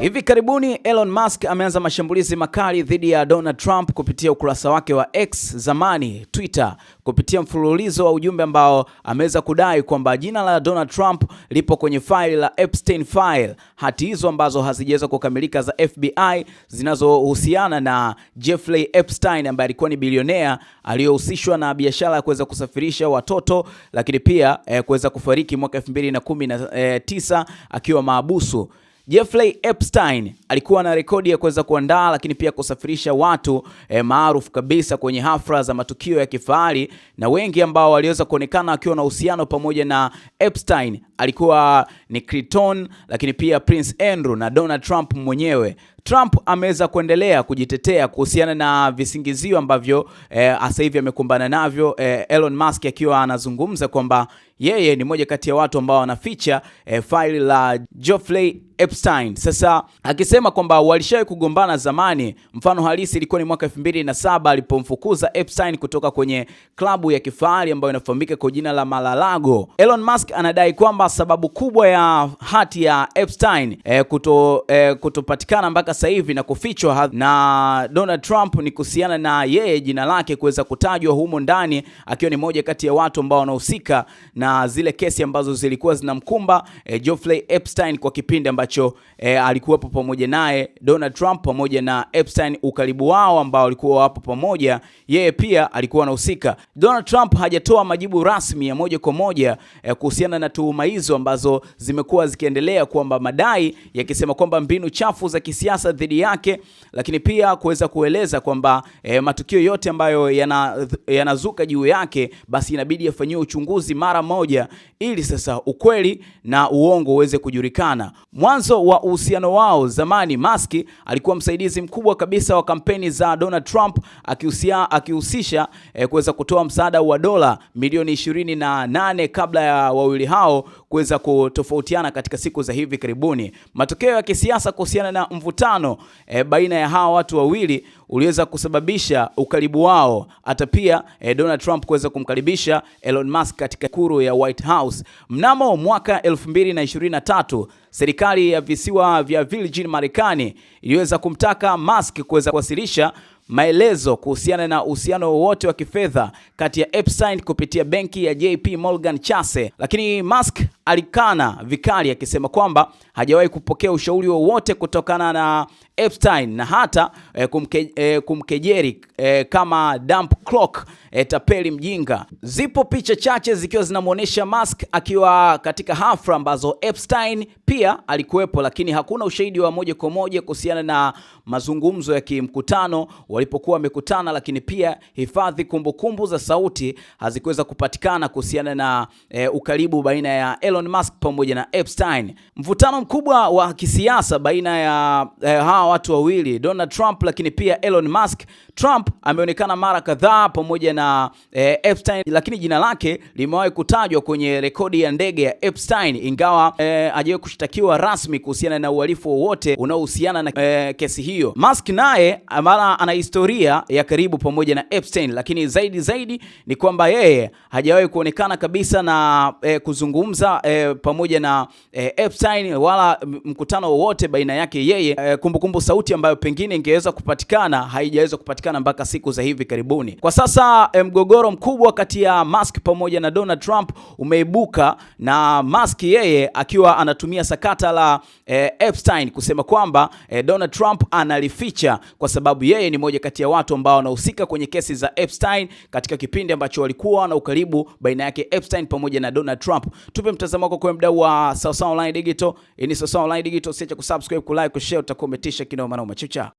Hivi karibuni Elon Musk ameanza mashambulizi makali dhidi ya Donald Trump kupitia ukurasa wake wa X zamani Twitter, kupitia mfululizo wa ujumbe ambao ameweza kudai kwamba jina la Donald Trump lipo kwenye faili la Epstein file, hati hizo ambazo hazijaweza kukamilika za FBI zinazohusiana na Jeffrey Epstein ambaye alikuwa ni bilionea aliyohusishwa na biashara ya kuweza kusafirisha watoto, lakini pia eh, kuweza kufariki mwaka 2019 eh, akiwa maabusu. Jeffrey Epstein alikuwa na rekodi ya kuweza kuandaa lakini pia kusafirisha watu e, maarufu kabisa kwenye hafla za matukio ya kifahari, na wengi ambao waliweza kuonekana wakiwa na uhusiano pamoja na Epstein alikuwa ni Clinton, lakini pia Prince Andrew na Donald Trump mwenyewe. Trump ameweza kuendelea kujitetea kuhusiana na visingizio ambavyo sasa eh, hivi eh, amekumbana navyo eh, Elon Musk akiwa anazungumza kwamba yeye ni moja kati ya watu ambao wanaficha eh, faili la Jeffrey Epstein. Sasa akisema kwamba walishawahi kugombana zamani, mfano halisi ilikuwa ni mwaka 2007 alipomfukuza Epstein kutoka kwenye klabu ya kifahari ambayo inafahamika kwa jina la Malalago. Elon Musk anadai kwamba sababu kubwa ya hati ya Epstein eh, kuto, eh, kutopatikana mpaka sasa hivi na kufichwa na Donald Trump ni kuhusiana na yeye jina lake kuweza kutajwa humo ndani, akiwa ni moja kati ya watu ambao wanahusika na zile kesi ambazo zilikuwa zinamkumba e, eh, Jeffrey Epstein kwa kipindi ambacho e, alikuwepo pamoja naye Donald Trump pamoja na Epstein, ukaribu wao ambao walikuwa wapo pamoja, yeye pia alikuwa anahusika. Donald Trump hajatoa majibu rasmi ya moja kwa moja e, kuhusiana na tuhuma hizo ambazo zimekuwa zikiendelea kwamba madai yakisema kwamba mbinu chafu za kisiasa kisiasa dhidi yake, lakini pia kuweza kueleza kwamba e, matukio yote ambayo yanazuka yana juu yake basi inabidi yafanyiwe uchunguzi mara moja, ili sasa ukweli na uongo uweze kujulikana. Mwanzo wa uhusiano wao zamani, Musk alikuwa msaidizi mkubwa kabisa wa kampeni za Donald Trump akihusia, akihusisha e, kuweza kutoa msaada wa dola milioni 28 kabla ya wawili hao kuweza kutofautiana katika siku za hivi karibuni. Matokeo ya kisiasa kuhusiana na mvutano mvutano e, baina ya hawa watu wawili uliweza kusababisha ukaribu wao, hata pia e, Donald Trump kuweza kumkaribisha Elon Musk katika kuru ya White House mnamo mwaka 2023. Serikali ya visiwa vya Virgin Marekani iliweza kumtaka Musk kuweza kuwasilisha maelezo kuhusiana na uhusiano wowote wa kifedha kati ya Epstein kupitia benki ya JP Morgan Chase, lakini Musk alikana vikali akisema kwamba hajawahi kupokea ushauri wowote kutokana na Epstein na hata eh, kumke, eh, kumkejeri eh, kama dump clock eh, tapeli mjinga. Zipo picha chache zikiwa zinamuonesha Musk akiwa katika hafla ambazo Epstein pia alikuwepo, lakini hakuna ushahidi wa moja kwa moja kuhusiana na mazungumzo ya kimkutano walipokuwa wamekutana, lakini pia hifadhi kumbukumbu za sauti hazikuweza kupatikana kuhusiana na eh, ukaribu baina ya Elon Elon Musk pamoja na Epstein. Mvutano mkubwa wa kisiasa baina ya eh, hawa watu wawili Donald Trump lakini pia Elon Musk. Trump ameonekana mara kadhaa pamoja na eh, Epstein, lakini jina lake limewahi kutajwa kwenye rekodi ya ndege ya Epstein, ingawa eh, hajawahi kushtakiwa rasmi kuhusiana na uhalifu wowote unaohusiana na eh, kesi hiyo. Musk naye eh, mara ana historia ya karibu pamoja na Epstein, lakini zaidi zaidi ni kwamba yeye hajawahi kuonekana kabisa na eh, kuzungumza eh, pamoja na eh, Epstein wala mkutano wowote baina yake yeye eh, Kumbukumbu Sauti ambayo pengine ingeweza kupatikana haijaweza kupatikana mpaka siku za hivi karibuni. Kwa sasa eh, mgogoro mkubwa kati ya Musk pamoja na Donald Trump umeibuka na Musk yeye akiwa anatumia sakata la eh, Epstein kusema kwamba eh, Donald Trump analificha kwa sababu yeye ni moja kati ya watu ambao wanahusika kwenye kesi za Epstein katika kipindi ambacho walikuwa na ukaribu baina yake Epstein pamoja na Donald Trump. Tupe mtazamo wako kwa mdau wa Sawasawa Online Digital. Ni Sawasawa Online Digital, siacha kusubscribe, kulike, kushare, utakuwa umetisha kinoma noma. Chucha.